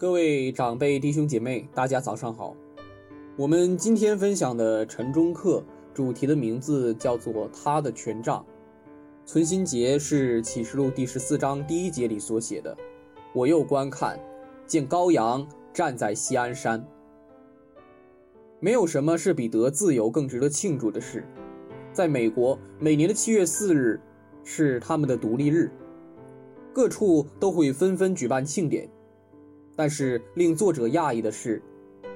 各位長輩、弟兄姐妹，大家早上好。我們今天分享的晨鐘課主題的名字叫做《祂的權杖》。存心節是啟示錄第十四章第一節裡所寫的。我又觀看，見羔羊站在錫安山。沒有什麼是比得自由更值得慶祝的事。在美國，每年的七月四日是他們的獨立日，各處都會紛紛舉辦慶典。但是令作者訝異的是，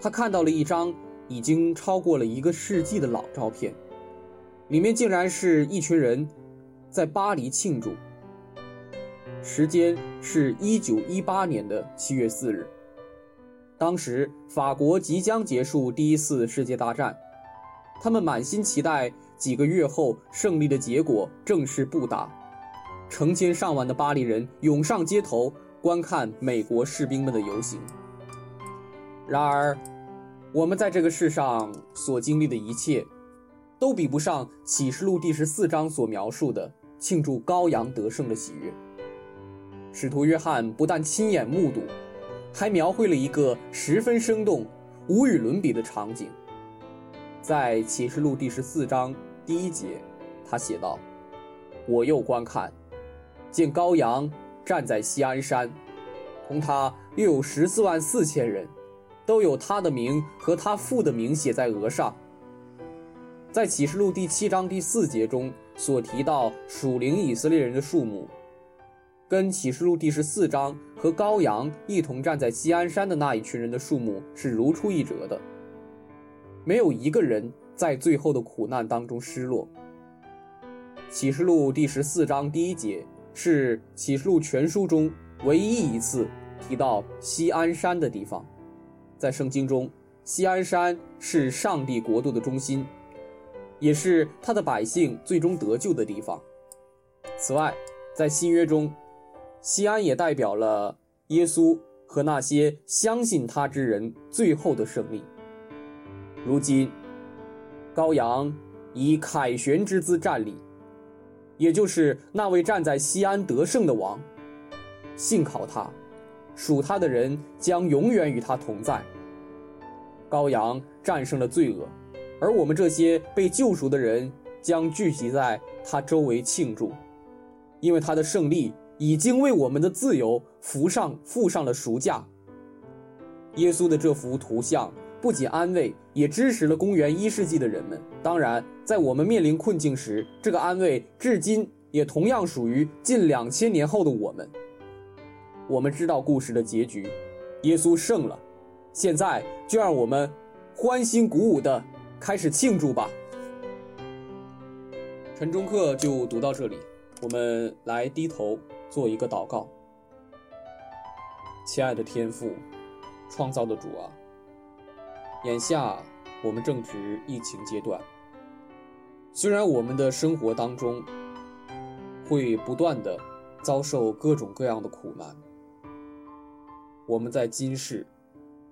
他看到了一張已經超過了一個世紀的老照片，裡面竟然是一群人，在巴黎慶祝。時間是一九一八年的七月四日，當時法國即將結束第一次世界大戰，他們滿心期待幾個月後勝利的結果正式布達，成千上萬的巴黎人湧上街頭。觀看美國士兵們的遊行。然而，我們在這個世上所經歷的一切，都比不上《啟示錄》第十四章所描述的慶祝羔羊得勝的喜悅。使徒約翰不但親眼目睹，還描繪了一個十分生動、無與倫比的場景。在《啟示錄》第十四章第一節，他寫道：“我又觀看，見羔羊。”站在錫安山，同他又有十四萬四千人，都有他的名和他父的名寫在額上。在啟示錄第七章第四節中所提到屬靈以色列人的數目，跟啟示錄第十四章和羔羊一同站在錫安山的那一群人的數目是如出一轍的。沒有一個人在最後的苦難當中失落。啟示錄第十四章第一節，是《啟示錄》全書中唯一一次提到錫安山的地方。在聖經中，錫安山是上帝國度的中心，也是他的百姓最終得救的地方。此外，在新約中，錫安也代表了耶穌和那些相信他之人最後的勝利。如今，羔羊以凱旋之姿站立。也就是那位站在錫安得勝的王，信靠他、屬他的人將永遠與他同在。羔羊戰勝了罪惡，而我們這些被救贖的人將聚集在他周圍慶祝，因為他的勝利已經為我們的自由付上付上了贖價。耶穌的這幅圖像。不僅安慰，也支持了公元一世紀的人們。當然，在我們面臨困境時，這個安慰至今也同樣屬於近兩千年後的我們。我們知道故事的結局，耶穌勝了。現在就讓我們歡欣鼓舞的開始慶祝吧。晨鐘課就讀到這裡，我們來低頭做一個禱告。親愛的天父，創造的主啊！眼下，我們正值疫情階段。雖然我們的生活當中會不斷的遭受各種各樣的苦難，我們在今世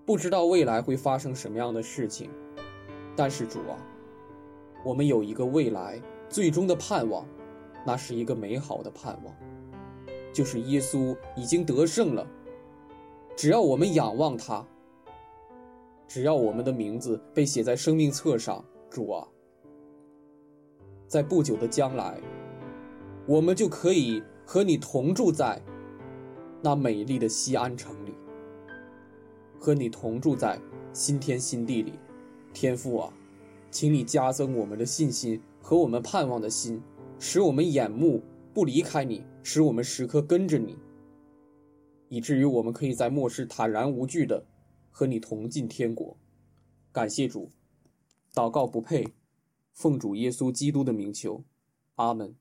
不知道未來會發生什麼樣的事情，但是主啊，我們有一個未來最終的盼望，那是一個美好的盼望，就是耶穌已經得勝了，只要我們仰望他。只要我們的名字被寫在生命冊上，主啊，在不久的將來，我們就可以和你同住在那美麗的錫安城裡，和你同住在新天新地裡。天父啊，請你加增我們的信心和我們盼望的心，使我們眼目不離開你，使我們時刻跟着你，以至於我們可以在末世坦然無懼的。和你同進天國，感謝主，禱告不配，奉主耶穌基督的名求，阿門。